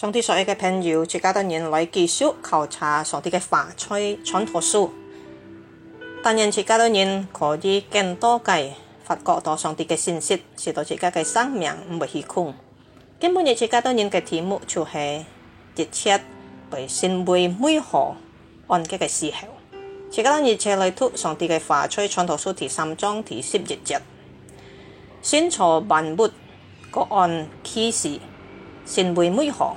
上帝所有嘅朋友，自家等人來繼續考察上帝嘅發催傳道書，但願自家等人可以更多嘅發覺到上帝嘅信息，使到自己嘅生命唔會虛空。今日自家等人嘅題目就係一切被成為美好安吉嘅時候，自家等人借嚟讀上帝嘅發催傳道書第三章第十一節，神造萬物各按其時成為美好。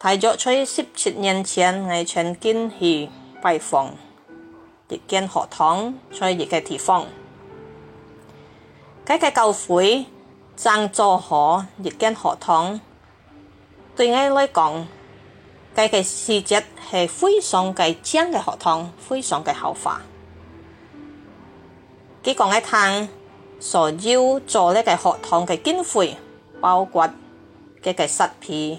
大約在十七年前，我曾經去拜訪一間學堂，在一個地方。嗰個教誨怎做好一間學堂？對我嚟講，嗰個事跡係非常嘅精嘅學堂，非常嘅豪華。佢講一攤所要做呢個學堂嘅經費，包括嘅個設備。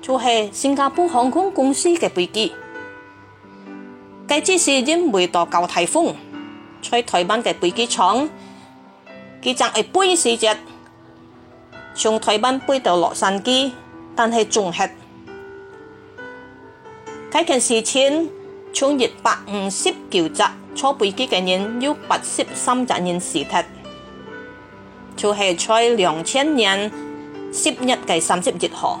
就係新加坡航空公司嘅飛機，計知是因為毒舊颱風在台灣嘅飛機場，佢就係飛四隻，從台灣飛到洛杉磯，但係仲係。睇見事件，從一百五十九隻坐飛機嘅人有八十三隻人死咗，就係在兩千年十月嘅三十一號。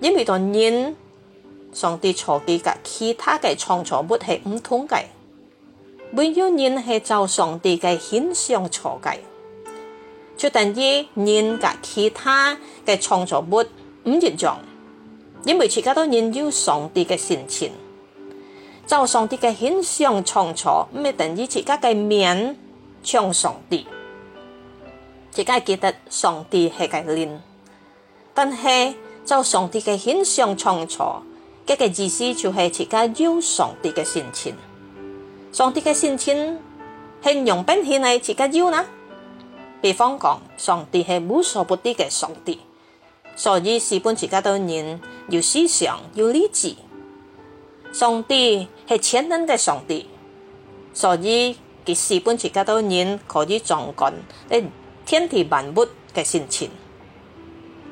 因為當人上帝創造嘅同其他嘅創造物係唔同嘅，冇人係照上帝嘅形象創造，就等於人同其他嘅創造物唔一樣。因為而家都人有上帝嘅神情，照上帝嘅形象創造，唔一定以而家嘅面相上帝，而家記得上帝係個靈，但係。就上帝嘅形象創造，嘅嘅意思就係自己要上帝嘅性情。上帝嘅性情係用邊啲嚟自己要呢？比方講，上帝係無所不知嘅上帝，所以是本自己都人有思想、有理智。上帝係全能嘅上帝，所以佢是本自己都人可以掌管誒天地萬物嘅性情。